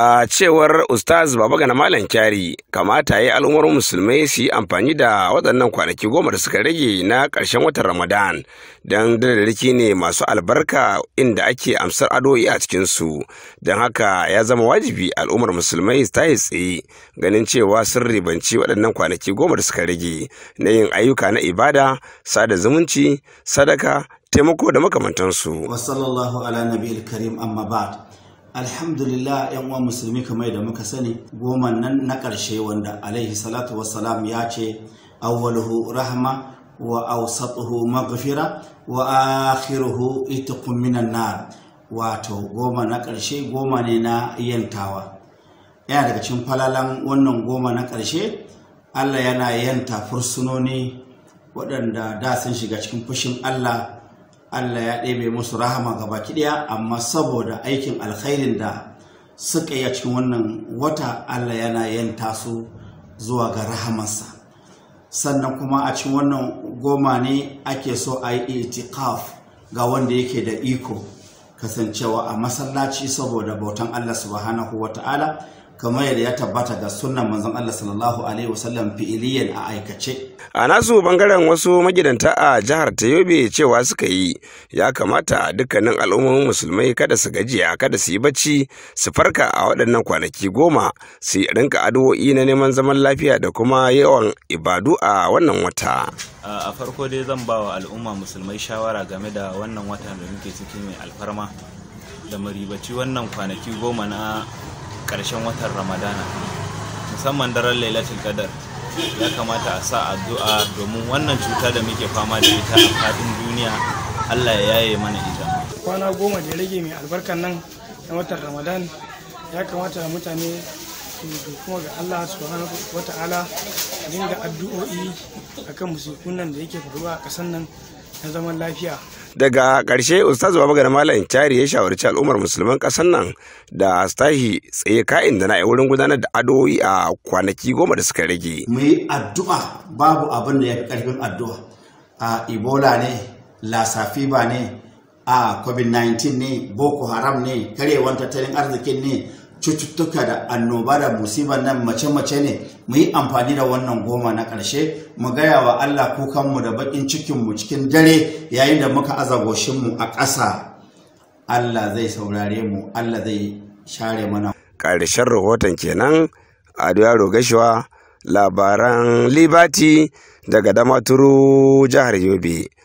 a cewar ustaz na malam kyari kamata ya yi al'ummar musulmai su yi amfani da waɗannan kwanaki goma da suka rage na ƙarshen watan ramadan don dalilaki ne masu albarka inda ake amsar adoyi a cikinsu don haka ya zama wajibi al'ummar musulmai ta yi tsaye ganin cewa sun ribanci waɗannan kwanaki goma da suka rage na yin ayyuka na ibada sada zumunci sadaka taimako da makamantansu. wasallallahu ala nabiyil alhamdulillah yan uwan musulmi kamar da muka sani goma nan na ƙarshe wanda alaihi salatu wassalam ya ce awwaluhu rahma wa awsatuhu maghfira wa akhiruhu minan nar wato goma na ƙarshe goma ne na yantawa yana daga cikin falalan wannan goma na ƙarshe Allah yana yanta fursunoni waɗanda da sun shiga cikin fushin Allah Allah ya ɗebe musu rahama ga baki ɗaya amma saboda aikin alkhairin da suka yi a cikin wannan wata Allah yana yin su zuwa ga rahamarsa sannan kuma a cikin wannan goma ne ake so a yi itikaf ga wanda yake da iko kasancewa a masallaci saboda bautan Allah subhanahu wa ta'ala kamar yadda ya tabbata ga sunan manzon Allah sallallahu alaihi wasallam fi'iliyan a aikace. A nasu bangaren wasu magidanta a jihar ta Yobe cewa suka yi ya kamata dukkanin al'ummomin musulmai kada su gajiya kada su yi bacci su farka a waɗannan kwanaki goma su yi rinka addu'o'i na neman zaman lafiya da kuma yawan ibadu a wannan wata. A farko dai zan ba wa al'umma musulmai shawara game da wannan wata da muke ciki mai alfarma da maribaci wannan kwanaki goma na ƙarshen watan ramadana musamman daren lailatul qadar ya kamata a sa addu'a domin wannan cuta da muke fama da ita a faɗin duniya allah ya yaye mana ita kwana goma da ya rage mai albarkan nan na watan ramadan ya kamata mutane su kuma ga allah subhanahu wata'ala a dinga addu'o'i akan musulkunan da yake faruwa a ƙasar nan na zaman lafiya daga ƙarshe ustaz babagar malam cari ya shawarci al'ummar musulman ƙasar nan da stahi tsaye ka'in da yi wurin gudanar da addu'o'i a kwanaki goma da suka rage mu yi addu'a babu abin da ya fi ƙarfin addu'a a ebola ne lasafiba ne a covid-19 ne boko haram ne karewan tattalin arzikin ne cututtuka da annoba da musiba nan mace-mace ne mu yi amfani da wannan goma na ƙarshe mu gaya wa Allah kukanmu da baƙin cikinmu cikin dare yayin da muka aza goshinmu a ƙasa Allah zai saurare mu Allah zai share mana ƙarshen rahoton kenan Ado duyaro gashiwa labaran Libati daga Damaturu jihar Yobe